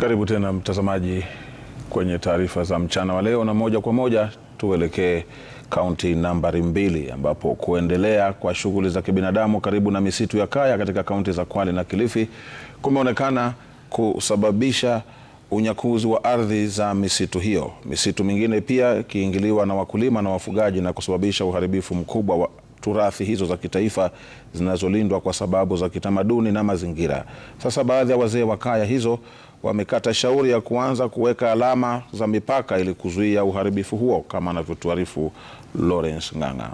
Karibu tena mtazamaji kwenye taarifa za mchana wa leo, na moja kwa moja tuelekee kaunti nambari mbili ambapo kuendelea kwa shughuli za kibinadamu karibu na misitu ya kaya katika kaunti za Kwale na Kilifi kumeonekana kusababisha unyakuzi wa ardhi za misitu hiyo, misitu mingine pia ikiingiliwa na wakulima na wafugaji na kusababisha uharibifu mkubwa wa turathi hizo za kitaifa zinazolindwa kwa sababu za kitamaduni na mazingira. Sasa baadhi ya wazee wa kaya hizo wamekata shauri ya kuanza kuweka alama za mipaka ili kuzuia uharibifu huo, kama anavyotuarifu Lawrence Ng'ang'a.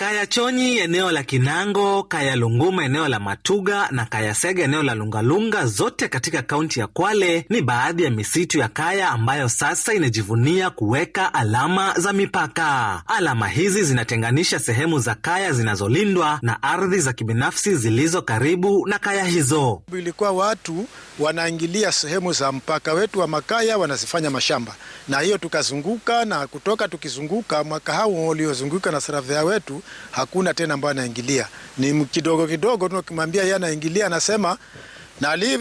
Kaya Chonyi eneo la Kinango, Kaya Lunguma eneo la Matuga na Kaya Sega eneo la Lungalunga, zote katika kaunti ya Kwale ni baadhi ya misitu ya kaya ambayo sasa inajivunia kuweka alama za mipaka. Alama hizi zinatenganisha sehemu za kaya zinazolindwa na ardhi za kibinafsi zilizo karibu na kaya hizo. Ilikuwa watu wanaingilia sehemu za mpaka wetu wa makaya wanazifanya mashamba, na hiyo tukazunguka na kutoka, tukizunguka mwaka hau uliozunguka na saravea wetu hakuna tena ambaye anaingilia, ni kidogo kidogo tu. Ukimwambia yeye anaingilia, anasema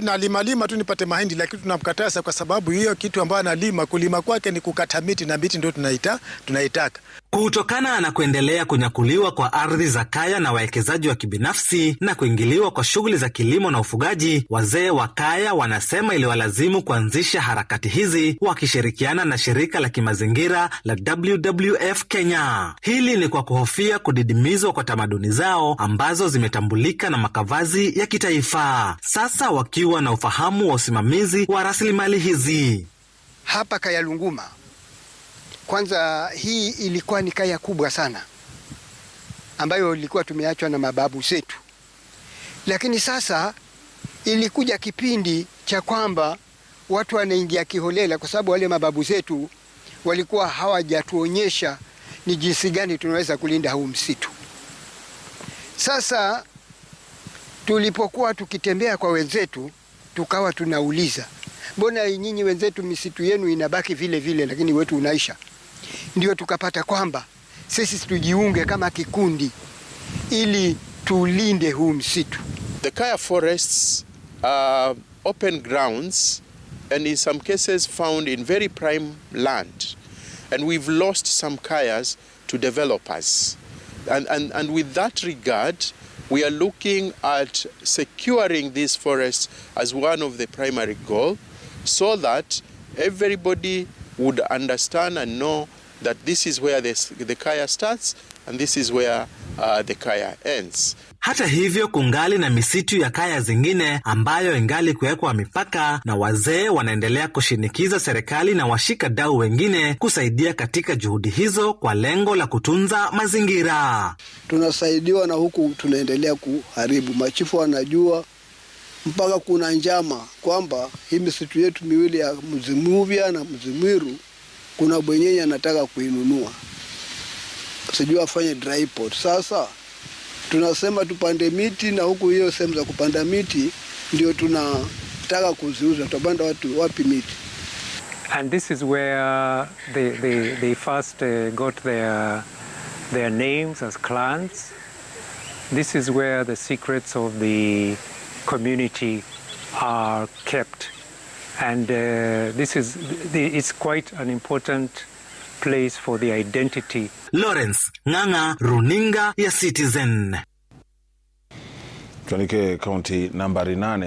nalimalima tu nipate mahindi, lakini tunamkataza kwa sababu hiyo kitu ambayo analima, kulima kwake ni kukata miti na miti ndio tunaita tunaitaka. Kutokana na kuendelea kunyakuliwa kwa ardhi za kaya na wawekezaji wa kibinafsi na kuingiliwa kwa shughuli za kilimo na ufugaji, wazee wa kaya wanasema iliwalazimu kuanzisha harakati hizi wakishirikiana na shirika la kimazingira la WWF Kenya. Hili ni kwa kuhofia kudidimizwa kwa tamaduni zao ambazo zimetambulika na makavazi ya kitaifa, sasa wakiwa na ufahamu wa usimamizi wa rasilimali hizi. Hapa Kaya Lunguma kwanza hii ilikuwa ni kaya kubwa sana ambayo ilikuwa tumeachwa na mababu zetu, lakini sasa ilikuja kipindi cha kwamba watu wanaingia kiholela, kwa sababu wale mababu zetu walikuwa hawajatuonyesha ni jinsi gani tunaweza kulinda huu msitu. Sasa tulipokuwa tukitembea kwa wenzetu, tukawa tunauliza, mbona nyinyi wenzetu misitu yenu inabaki vile vile, lakini wetu unaisha? ndio tukapata kwamba sisi tujiunge kama kikundi ili tulinde huu msitu. The Kaya forests are open grounds and in some cases found in very prime land and we've lost some kayas to developers and, and, and with that regard we are looking at securing these forests as one of the primary goal so that everybody would understand and know that this is where this, the kaya starts and this is where uh, the kaya ends. Hata hivyo kungali na misitu ya kaya zingine ambayo ingali kuwekwa mipaka, na wazee wanaendelea kushinikiza serikali na washika dau wengine kusaidia katika juhudi hizo kwa lengo la kutunza mazingira. Tunasaidiwa na huku tunaendelea kuharibu. Machifu wanajua mpaka kuna njama kwamba hii misitu yetu miwili ya Mzimuvya na Mzimwiru kuna bwenyenye anataka kuinunua, sijui afanye dry pot. Sasa tunasema tupande miti, na huku hiyo sehemu za kupanda miti ndio tunataka kuziuza. Tutapanda watu wapi miti? And this is where uh, they, they, they first uh, got their, their names as clans. This is where the secrets of the community are kept and uh, this is it's quite an important place for the identity. Lawrence Ng'ang'a, runinga ya Citizen. Tuelekee kaunti nambari nane.